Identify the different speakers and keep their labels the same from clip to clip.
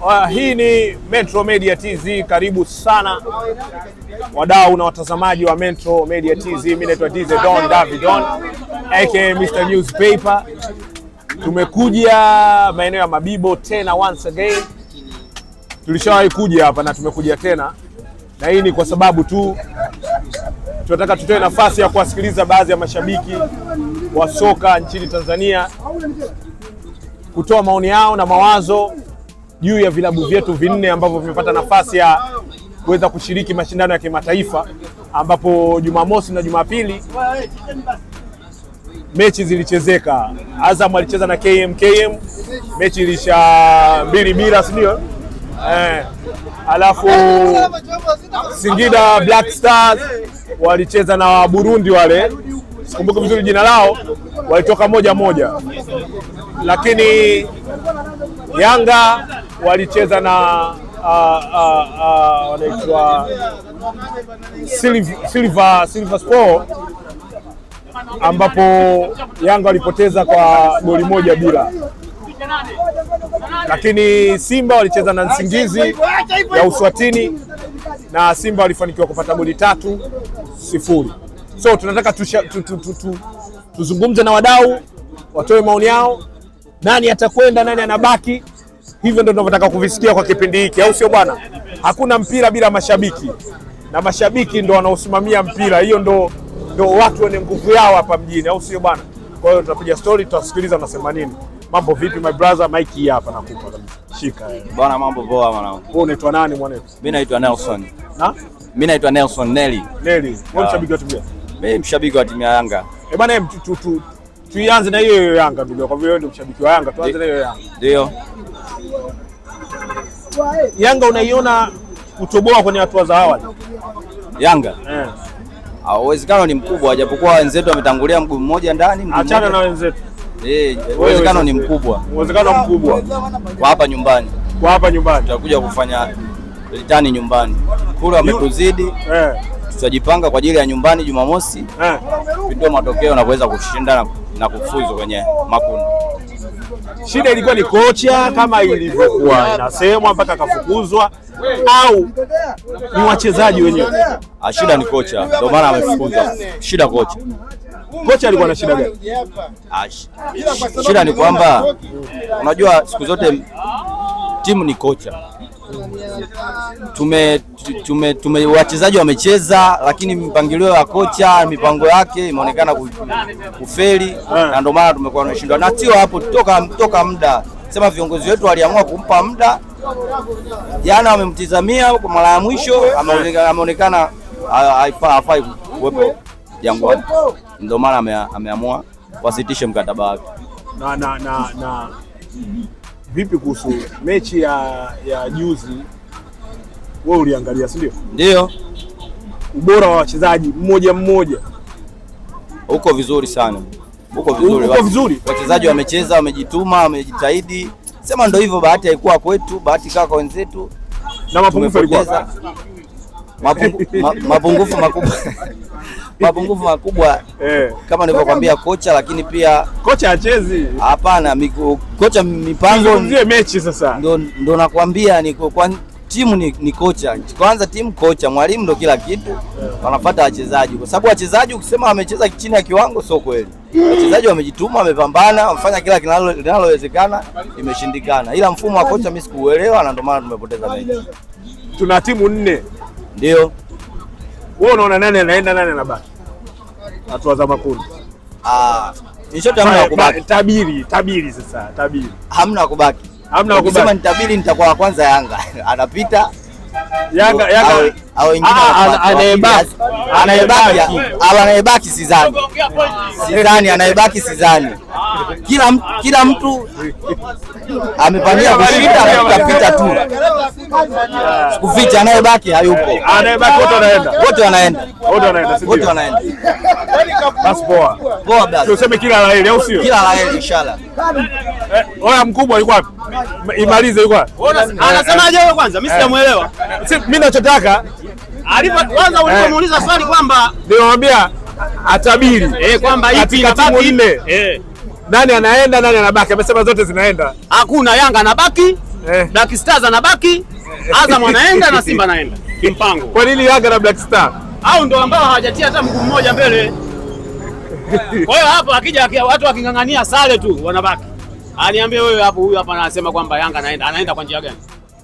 Speaker 1: Uh, hii ni Metro Media TZ, karibu sana wadau na watazamaji wa Metro Media TZ. Mimi naitwa DJ Don Don aka Mr Newspaper. Tumekuja maeneo ya Mabibo tena once again, tulishawahi kuja hapa na tumekuja tena, na hii ni kwa sababu tu tunataka tutoe nafasi ya kuwasikiliza baadhi ya mashabiki wa soka nchini Tanzania kutoa maoni yao na mawazo juu ya vilabu vyetu vinne ambavyo vimepata nafasi ya kuweza kushiriki mashindano ya kimataifa, ambapo Jumamosi na Jumapili mechi zilichezeka. Azam alicheza na KMKM, mechi ilisha mbili bila, si ndio? Eh, alafu Singida Black Stars walicheza na Burundi wale, sikumbuki vizuri jina lao, walitoka moja moja, lakini Yanga walicheza na uh, uh, uh, wanaitwa Silver, Silver, Sport ambapo Yanga walipoteza kwa goli moja bila, lakini Simba walicheza na Nsingizi ya Uswatini na Simba walifanikiwa kupata goli tatu sifuri. So tunataka tuzungumze na wadau watoe maoni yao nani atakwenda, nani anabaki. Hivyo ndio tunavyotaka kuvisikia kwa kipindi hiki, au sio bwana? Hakuna mpira bila mashabiki, na mashabiki ndo wanaosimamia mpira. Hiyo ndo, ndo watu wenye nguvu yao hapa mjini, au sio bwana? Kwa hiyo tunapiga story, tutasikiliza nasema nini. Mambo vipi my brother, Mike hii hapa nakupa Shika.
Speaker 2: Bwana mambo poa mwanangu.
Speaker 1: Wewe unaitwa nani mwanangu?
Speaker 2: Mimi naitwa Nelson. Na? Mimi naitwa Nelson Nelly.
Speaker 1: Nelly. Wewe mshabiki ah. wa timu gani?
Speaker 2: Mimi mshabiki wa timu ya Yanga.
Speaker 1: Eh, bwana tu, tu, tu, tuianze na hiyo hiyo Yanga ndugu, kwa vile ndio mshabiki wa Yanga, tuanze na hiyo Yanga. Ndio Yanga unaiona kutoboa kwenye hatua za awali Yanga eh.
Speaker 2: Ah, uwezekano ni mkubwa, japokuwa wenzetu wametangulia mguu mmoja ndani.
Speaker 1: Achana na wenzetu
Speaker 2: eh, uwezekano ni mkubwa,
Speaker 1: uwezekano mkubwa
Speaker 2: kwa hapa nyumbani,
Speaker 1: kwa hapa nyumbani
Speaker 2: tutakuja kufanya litani nyumbani, kule wametuzidi eh tutajipanga kwa ajili ya nyumbani Jumamosi kupindua eh. matokeo na kuweza kushinda na, na kufuzu kwenye makundi.
Speaker 1: Shida ilikuwa ni kocha kama ilivyokuwa inasemwa mpaka akafukuzwa, au ni wachezaji wenyewe?
Speaker 2: Ah, shida ni kocha, ndio maana amefukuzwa. Shida kocha
Speaker 1: kocha alikuwa na shida gani?
Speaker 2: Ah, shida ni kwamba unajua siku zote timu ni kocha tume, tume, tume wachezaji wamecheza, lakini mpangilio ya kocha, mipango yake imeonekana kufeli, na ndio maana tumekuwa tunashindwa. Na sio hapo toka, toka muda sema viongozi wetu waliamua kumpa muda. Jana wamemtizamia kwa mara ya mwisho, ameonekana hafai kuwepo Jangwani, ndio maana ameamua wasitishe mkataba wake
Speaker 1: na, na, na, na. Vipi kuhusu mechi ya ya juzi, wewe uliangalia, si ndio? Ndio. ubora wa wachezaji mmoja mmoja
Speaker 2: uko vizuri sana, uko vizuri, uko vizuri. Wachezaji wamecheza, wamejituma, wamejitahidi, sema ndio hivyo. Bahati haikuwa kwetu, bahati kaa kwa wenzetu
Speaker 1: na mapungufu yalikuwa
Speaker 2: mapungufu makubwa mapungufu makubwa eh. kama nilivyokuambia kocha, lakini pia
Speaker 1: kocha hachezi.
Speaker 2: Hapana, kocha mipango
Speaker 1: ndio mechi sasa,
Speaker 2: ndio nakwambia ni kwa timu ni, ni kocha kwanza, timu kocha, mwalimu ndo kila kitu, eh. wanafuata wachezaji, kwa sababu wachezaji ukisema wamecheza chini ya kiwango sio kweli. Wachezaji wamejituma, wamepambana, wamefanya kila linalowezekana, imeshindikana, ila mfumo wa kocha mimi sikuuelewa, na ndio maana tumepoteza
Speaker 1: mechi. Tuna timu nne, ndio wewe unaona nani anaenda nani anabaki? hatua za makundi.
Speaker 2: Ah, hamna kubaki.
Speaker 1: Tabiri, tabiri sasa, tabiri.
Speaker 2: Hamna kubaki. Hamna kubaki. Sema nitabiri nitakuwa wa kwanza Yanga. Anapita.
Speaker 1: Yanga Yanga au wengine ah, anayebaki.
Speaker 2: Anayebaki au anayebaki sidhani. sizani anayebaki sidhani. Kila kila mtu amepania kushinda anapitapita tu, sikuficha, anayebaki hayupo,
Speaker 1: anayebaki wote wanaenda, wote wanaenda, wote wanaenda, wote wanaenda. Basi poa poa, basi tuseme kila la heri, au sio?
Speaker 2: Kila la heri, inshallah.
Speaker 1: Eh, oya, mkubwa yuko wapi? Imalize, yuko wapi?
Speaker 2: Eh, eh. aje wewe? Kwanza mimi sijamuelewa.
Speaker 1: Mimi nachotaka
Speaker 2: kwanza ulipomuuliza swali kwamba
Speaker 1: niwaambia atabiri eh, kwamba ipi ipi nne eh nani anaenda nani anabaki? Amesema zote zinaenda,
Speaker 2: hakuna. Yanga anabaki eh, Black Stars anabaki eh, Azam anaenda na Simba anaenda kimpango.
Speaker 1: Kwa nini Yanga na Black Star
Speaker 2: au ndo ambao hawajatia hata mguu mmoja mbele? Kwa hiyo hapo akija watu waking'ang'ania sare tu wanabaki. Aniambie wewe hapo, huyu hapa anasema kwamba Yanga anaenda, anaenda kwa njia gani?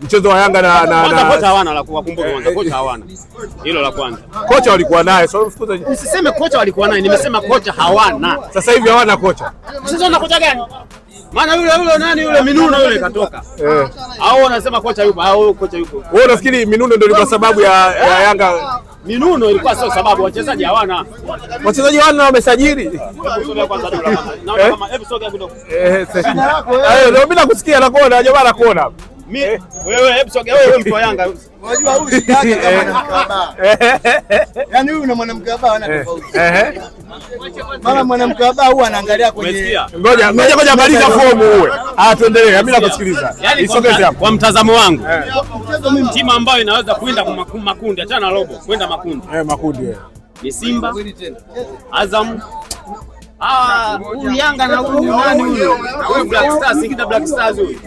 Speaker 1: mchezo wa Yanga na na
Speaker 2: na kocha hawana la kuwakumbuka kwanza, kocha hawana hilo la kwanza.
Speaker 1: Kocha walikuwa naye, so
Speaker 2: mfukuza usiseme kocha walikuwa naye, nimesema kocha hawana.
Speaker 1: Sasa hivi hawana kocha.
Speaker 2: Sasa una kocha gani? Maana yule yule nani yule Minuno yule katoka. Eh. Hao wanasema kocha yupo, hao kocha yupo.
Speaker 1: Wewe unafikiri Minuno ndio ilikuwa sababu ya, ya eh. Yanga?
Speaker 2: Minuno ilikuwa sio sababu, wachezaji hawana. Wachezaji hawana wamesajili. Eh. kama episode
Speaker 1: eh, eh, ndio mimi nakusikia na kuona jamaa nakuona.
Speaker 2: Mimi wewe hebu sogea wewe mtu wa Yanga. Unajua huyu yake kama
Speaker 1: eh.
Speaker 2: Yaani huyu na eh. tofauti. huwa anaangalia kwenye
Speaker 1: Ngoja ngoja ngoja maliza fomu uwe. Ah, tuendelee. Mimi nakusikiliza. Yaani Isogeze hapo. Kwa mtazamo wangu.
Speaker 2: Eh. Mchezo mimi timu ambayo inaweza kwenda makundi, achana na robo, kwenda makundi. Eh, makundi Ni Simba. Azam hawa ah, huyu Yanga na huyu nani huyu Black Stars, Singida Black Stars huyu.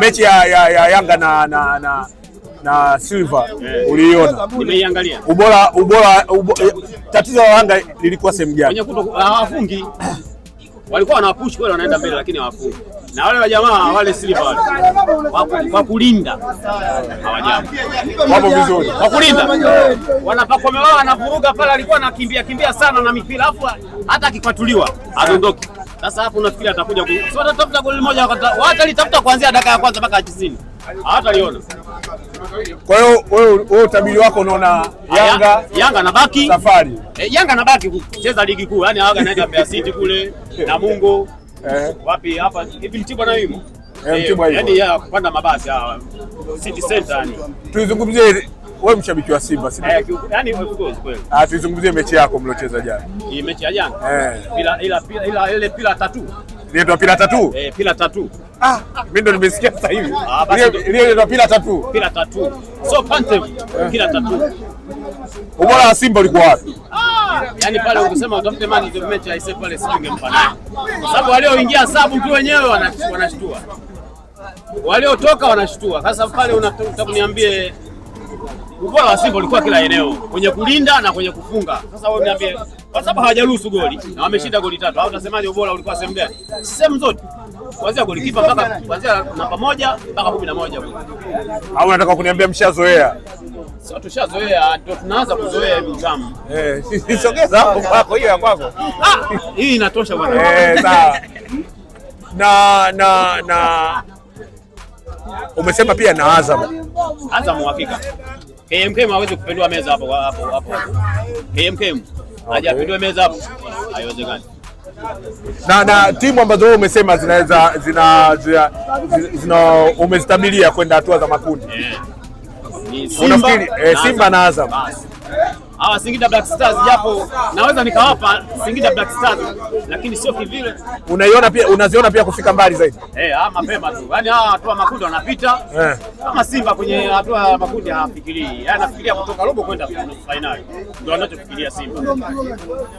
Speaker 1: Mechi ya ya ya Yanga na na na na Silver yeah. Uliiona,
Speaker 2: nimeiangalia
Speaker 1: ubora ubora ubo, eh, tatizo la Yanga lilikuwa sehemu gani?
Speaker 2: Hawafungi, walikuwa wanapush kweli, wanaenda mbele lakini hawafungi na wale wajamaa wale Silva wale kwa kulinda hawajamu wapo vizuri kwa kulinda wanapakwa mewaa, anavuruga pale, alikuwa anakimbia kimbia sana na mipira, afu hata akikwatuliwa adondoki. Sasa hapo unafikiri atakuja ku... sio atatafuta goli moja, litafuta kuanzia dakika ya kwanza mpaka 90. Hata hawataliona.
Speaker 1: Kwa hiyo wewe wewe utabiri wako unaona Yanga
Speaker 2: Yanga nabaki safari, eh, Yanga nabaki kucheza ligi kuu, yani hawaga naenda Mbeya City kule na Mungo Eh? wapi hapa hivi Mtibwa na yumo eh, eh, yaani ya kupanda mabasi hawa City Center yani.
Speaker 1: Tuizungumzie wewe mshabiki wa Simba
Speaker 2: si ndio? Yaani of course
Speaker 1: kweli. Ah, tuizungumzie mechi yako mliocheza jana.
Speaker 2: Hii mechi ya jana. Eh. Bila ila ila ile pila tatu.
Speaker 1: Ile tu pila tatu?
Speaker 2: Eh, pila tatu.
Speaker 1: Ah, mimi ndo nimesikia sasa hivi. Ah, ile ile pila tatu.
Speaker 2: Pila tatu. So pante pila tatu.
Speaker 1: Ubora wa Simba ulikuwa wapi?
Speaker 2: Yaani pale ukisema utafute man of the match aise pale singemfana. Kwa sababu walioingia sabu tu wenyewe wanashtua. Waliotoka wanashtua. Sasa pale unataka ubora wa Simba ulikuwa kila eneo, kwenye kulinda na kwenye kufunga. Sasa wewe niambie, kwa sababu hawajaruhusu goli na wameshinda goli tatu, au utasemaje ubora ulikuwa sehemu gani? Sehemu zote. Kuanzia golikipa mpaka kuanzia namba moja mpaka kumi na moja.
Speaker 1: Au unataka kuniambia mshazoea?
Speaker 2: Sio tushazoea ndio tunaanza kuzoea mtamu.
Speaker 1: Eh, sogeza hapo kwako hiyo ya kwako.
Speaker 2: Ah, hii inatosha
Speaker 1: bwana. Eh, sawa. Na na na umesema pia na Azam.
Speaker 2: Azam uhakika. KMKM hawezi kupindua meza hapo hapo hapo. KMKM hajapindua meza hapo. Haiwezekani.
Speaker 1: Na na timu ambazo wewe umesema zinaweza zina zina, zina umezitabilia kwenda hatua za makundi. Yeah. Simba, Simba na Azam
Speaker 2: hawa Singida Black Stars, japo naweza nikawapa Singida Black Stars, lakini sio kivile.
Speaker 1: Unaiona pia, unaziona pia kufika mbali zaidi
Speaker 2: eh, ah, mapema tu, yaani hawa ah, hatua makundi wanapita eh. Kama Simba kwenye hatua ya makundi hafikiri, yaani anafikiria kutoka robo kwenda finali, ndio anachofikiria Simba.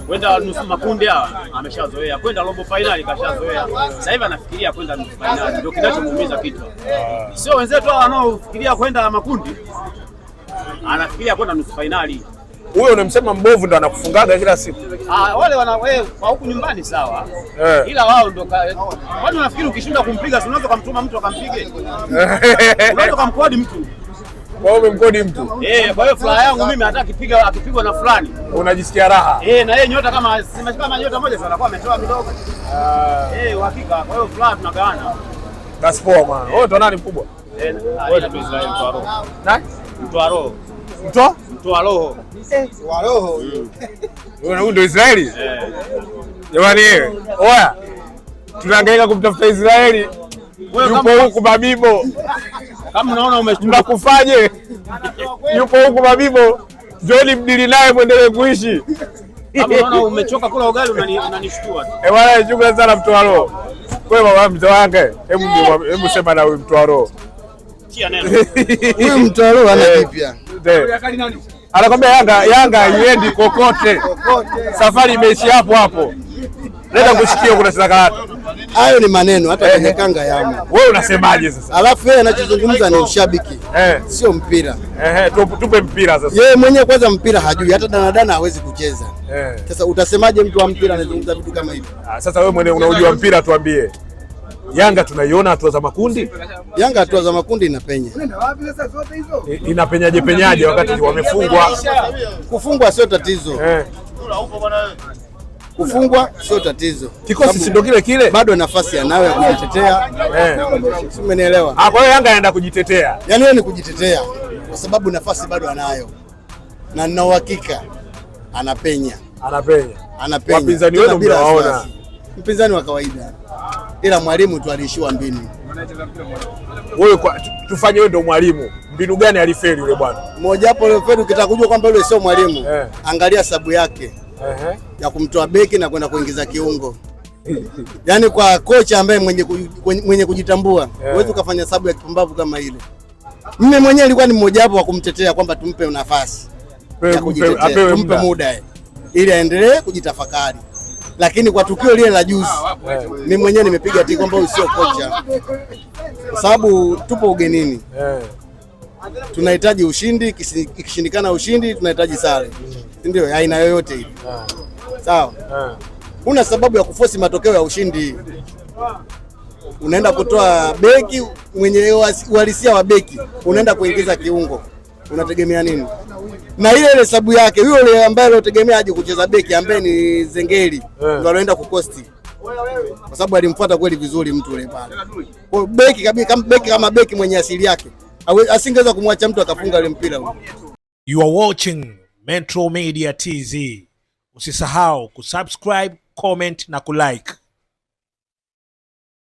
Speaker 2: Kwenda nusu makundi hawa ah, ameshazoea, kwenda robo finali kashazoea, sasa hivi anafikiria kwenda nusu finali, ndio kinachomuumiza kichwa. Sio wenzetu hawa wanaofikiria kwenda makundi, anafikiria kwenda nusu finali
Speaker 1: huyo unamsema mbovu ndo anakufungaga kila siku.
Speaker 2: Ah, wale wana wewe kwa huku nyumbani sawa. Eh. Ila wao ndo kwani unafikiri ukishinda kumpiga si unaweza kumtuma mtu akampige? Unaweza kumkodi mtu.
Speaker 1: Kwa hiyo umemkodi mtu.
Speaker 2: Eh, kwa hiyo furaha yangu mimi hata akipiga akipigwa na fulani
Speaker 1: unajisikia raha.
Speaker 2: Eh, na yeye nyota kama kama nyota moja sana kwa ametoa midogo. Ah. Eh, uhakika. Kwa hiyo furaha tunagawana.
Speaker 1: That's poa man. Wewe ndo nani mkubwa?
Speaker 2: Eh, ah, wewe ndo Israel Mtwaro. Nani? roho. Mtu Mtoa roho. Mtoa roho.
Speaker 1: Huyu mm. ndio Israeli? Jamani, eh. oya, tunahangaika kumtafuta Israeli, yupo huku Mabibo.
Speaker 2: Kama unaona umeshtuka
Speaker 1: kufaje? Yupo huku Mabibo, Joni mdili naye mwendelee kuishi.
Speaker 2: Kama unaona umechoka kula ugali unanishtua tu.
Speaker 1: Eh, bwana, shukrani sana mtoa roho. Kwa baba mzee wake, hebu eh. hebu sema na huyu mtoa roho.
Speaker 2: Kia neno. Huyu mtoa roho ana eh. kipi yani?
Speaker 1: anakwambia Yanga Yanga haiendi kokote, safari imeishia hapo hapo. Leta kushikia kuna sinakarata.
Speaker 2: Hayo ni maneno hata eh. kwenye kanga yamo.
Speaker 1: Wewe unasemaje sasa?
Speaker 2: Alafu yeye anachozungumza ni ushabiki eh, sio mpira
Speaker 1: eh. Tupe mpira sasa.
Speaker 2: Yeye mwenyewe kwanza mpira hajui, hata danadana hawezi kucheza eh. Sasa utasemaje mtu wa mpira anazungumza vitu kama hivi?
Speaker 1: Ah, sasa wewe mwenyewe unaujua mpira, tuambie Yanga tunaiona hatua za makundi,
Speaker 2: Yanga hatua za makundi inapenya
Speaker 1: inapenyaje penyaje wakati wamefungwa.
Speaker 2: Kufungwa sio tatizo eh. Kufungwa sio tatizo,
Speaker 1: kikosi si kile kile,
Speaker 2: bado nafasi anayo ya kujitetea eh. umenielewa?
Speaker 1: Ah, kwa hiyo Yanga anaenda kujitetea,
Speaker 2: yaani ni kujitetea kwa sababu nafasi bado anayo na nina uhakika anapenya, anapenya, anapenya.
Speaker 1: Wapinzani wenu mnaona
Speaker 2: mpinzani wa kawaida, ila mwalimu tu aliishiwa mbinu.
Speaker 1: Wewe kwa tufanye wewe ndio mwalimu, mbinu gani alifeli yule bwana?
Speaker 2: Mmoja hapo ile feli, ukitaka kujua kwamba yule sio mwalimu eh, angalia sabu yake eh, ya kumtoa beki na kwenda kuingiza kiungo yaani kwa kocha ambaye mwenye, mwenye kujitambua eh. huwezi yeah, ukafanya sabu ya kipumbavu kama ile. Mimi mwenyewe nilikuwa ni mmoja wapo wa kumtetea kwamba tumpe nafasi ya kujitetea, tumpe muda ili aendelee kujitafakari lakini kwa tukio lile la juzi yeah. Eh. mimi mwenyewe nimepiga tiki kwamba huyu sio kocha, kwa sababu tupo ugenini yeah. tunahitaji ushindi, ikishindikana ushindi tunahitaji sare, si ndio? aina yoyote hivi yeah. sawa yeah. Huna sababu ya kufosi matokeo ya ushindi. Unaenda kutoa beki mwenye uhalisia wa beki, unaenda kuingiza kiungo unategemea nini? Na ile ile sabu yake ile ambaye aliotegemea aje kucheza beki ambaye ni Zengeli yeah. Ndio aloenda kukosti kwa sababu alimfuata kweli vizuri mtu yule pale. Kwa beki kama beki kama beki mwenye asili yake asingeweza kumwacha mtu akafunga ile mpira ule.
Speaker 1: You are watching Metro Media TZ. Usisahau kusubscribe, comment na kulike.